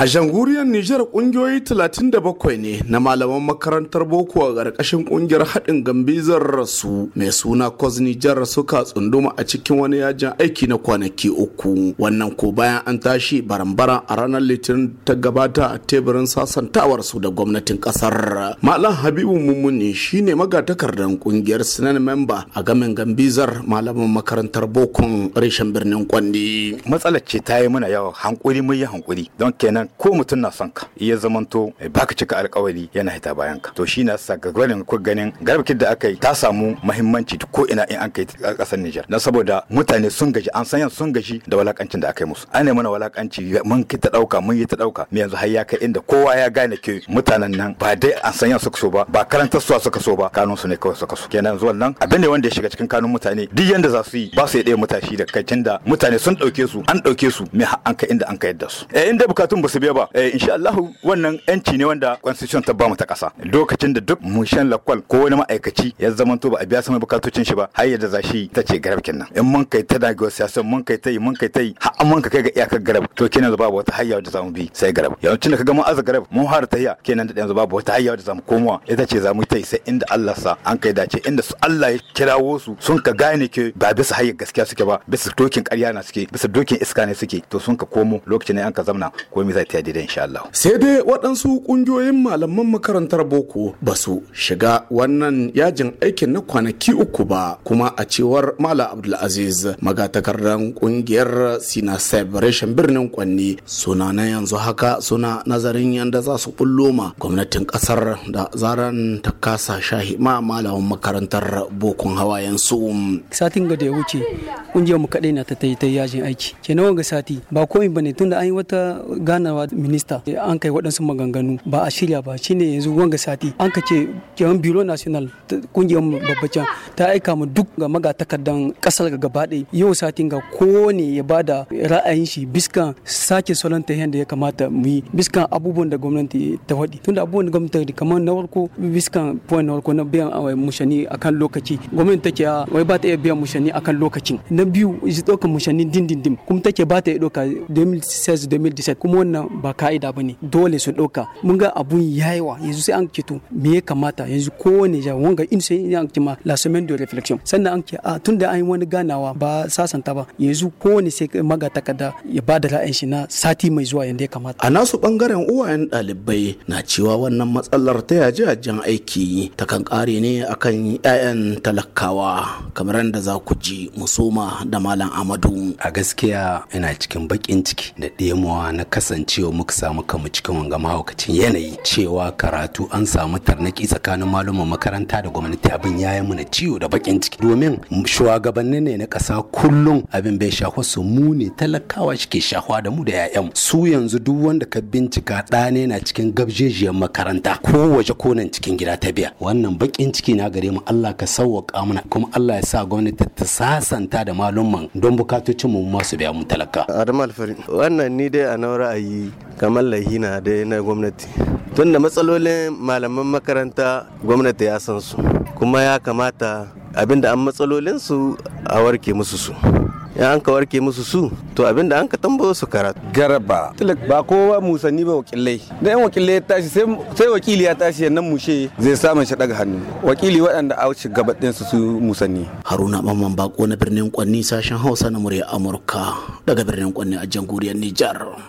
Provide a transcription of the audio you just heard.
A jamhuriyar Nijar kungiyoyi 37 ne na malaman makarantar boko a ƙarƙashin kungiyar haɗin gambizar rasu mai suna Kos Nijar suka tsunduma a cikin wani yajin aiki na kwanaki uku. Wannan ko bayan an tashi barambara a ranar Litinin ta gabata a teburin sasantawar su da gwamnatin ƙasar. Malam Habibu Mummuni shine magatakardan kungiyar Sinan memba a gamin gambizar malaman makarantar bokon reshen birnin Kwandi. Matsalar ce ta yi mana yawa hankuri mun yi hankuri don kenan ko mutum na son ka ya zamanto baka cika alkawari yana hita bayan ka to shi na sa gagarin ku ganin garbakin da aka yi ta samu muhimmanci ko ina in an kai kasar Nijar na saboda mutane sun gaji an san sun gaji da walakancin da aka yi musu an ne mana walakanci mun ki ta dauka mun yi ta dauka me yanzu har ya kai inda kowa ya gane ke mutanen nan ba dai an san yan suka so ba ba karantar su suka so ba kanun su ne kawai suka so kenan zuwan nan abin ne wanda ya shiga cikin kanun mutane duk yanda za su yi ba su yi ɗaya mutashi da kai da mutane sun ɗauke su an ɗauke su me an kai inda an ka yadda su eh inda bukatun ba su su ba eh insha Allah wannan yanci ne wanda constitution ta ba mu ta kasa lokacin da duk mun shan lakwal ko wani ma'aikaci ya to ba a biya sama bukatocin shi ba har yadda za shi ta ce garab kenan in mun kai ta dagewa siyasa mun kai ta yi mun kai ta yi har mun kai ga iyakar garab to kenan babu wata hayya da zamu bi sai garab yawancin da kaga mun aza garab mun har ta hayya kenan da yanzu babu wata hayya da zamu komowa ita ce zamu ta yi sai inda Allah sa an kai dace inda su Allah ya kirawo su sun ka gane ke ba bisa hayya gaskiya suke ba bisa dokin ƙarya na suke bisa dokin iska ne suke to sun ka komo lokacin ne an ka zamna komai zai insha Allah. Sai dai waɗansu ƙungiyoyin malaman makarantar boko ba su shiga wannan yajin aikin na kwanaki uku ba kuma a cewar Malam Abdulaziz magatakardan ƙungiyar Sina Celebration birnin Kwanni suna na yanzu haka suna nazarin yadda za su bullo ma gwamnatin ƙasar da zaran ta kasa shahi ma malaman makarantar bokon hawayen su. Satin ga da ya wuce ƙungiyar mu kaɗai na ta ta yajin aiki. Kenan wanga sati ba komai bane da an yi wata ganawa tattaunawa minista an kai waɗansu maganganu ba a shirya ba shine yanzu wanga sati an ka ce kewan biro national kungiyar babbacin ta aika mu duk ga magatakardan kasar gaba ɗaya yau satin ga kowane ya da ra'ayin shi biskan sake salon ta da ya kamata mu yi biskan abubuwan da gwamnati ta faɗi tunda abubuwan da gwamnati kamar na farko biskan point na farko na biyan ah, mushani akan lokaci gwamnati take ah, wai ba ta iya biyan mushani akan lokacin na biyu ya ɗauka mushani din kuma take ba ta iya ɗauka 2016-2017 kuma wannan ba ka'ida ba ne dole su ɗauka mun ga abun yayawa yanzu sai an kito me ya kamata yanzu kowane ja wanga in sai an kima la semaine de reflection sannan an ke a ah, tunda an yi wani ganawa ba sasanta ba yanzu kowane sai maga takarda ya ba da ra'ayin shi na sati mai zuwa yanda ya kamata a nasu bangaren uwayen ɗalibai na cewa wannan matsalar ta yaji ajiyar aiki ta kan ƙare ne akan ƴaƴan talakawa kamar da za ku ji musoma da malam amadu a gaskiya ina cikin baƙin ciki da ɗemawa na kasance cewa muka samu kanmu cikin wanga mahaukacin yanayi cewa karatu an samu tarnaki tsakanin malaman makaranta da gwamnati abin ya yi mana ciwo da bakin ciki domin shugabanni ne na ƙasa kullum abin bai shafa su mu ne talakawa ke shafa da mu da 'ya'yan su yanzu duk wanda ka bincika ɗa ne na cikin gabjejiyar makaranta ko waje konan cikin gida ta biya wannan bakin ciki na gare mu Allah ka sauwaka mana kuma Allah ya sa gwamnati ta sasanta da malumman don bukatocin mu masu biya mu talaka Adam wannan ni dai a na ra'ayi kamar lahina dai na gwamnati tunda matsalolin malaman makaranta gwamnati ya san su kuma ya kamata abinda an matsalolin su a warke musu su ya an ka warke musu su to abinda an ka tambayo su karatu Garba. tilak ba kowa musanni ba wakilai da yan wakilai ya tashi sai wakili ya tashi yannan mushe zai samun shi daga hannu wakili waɗanda a wuce gabaɗin su musanni haruna mamman bako na birnin kwanni sashen hausa na murya amurka daga birnin kwanni a jamhuriyar nijar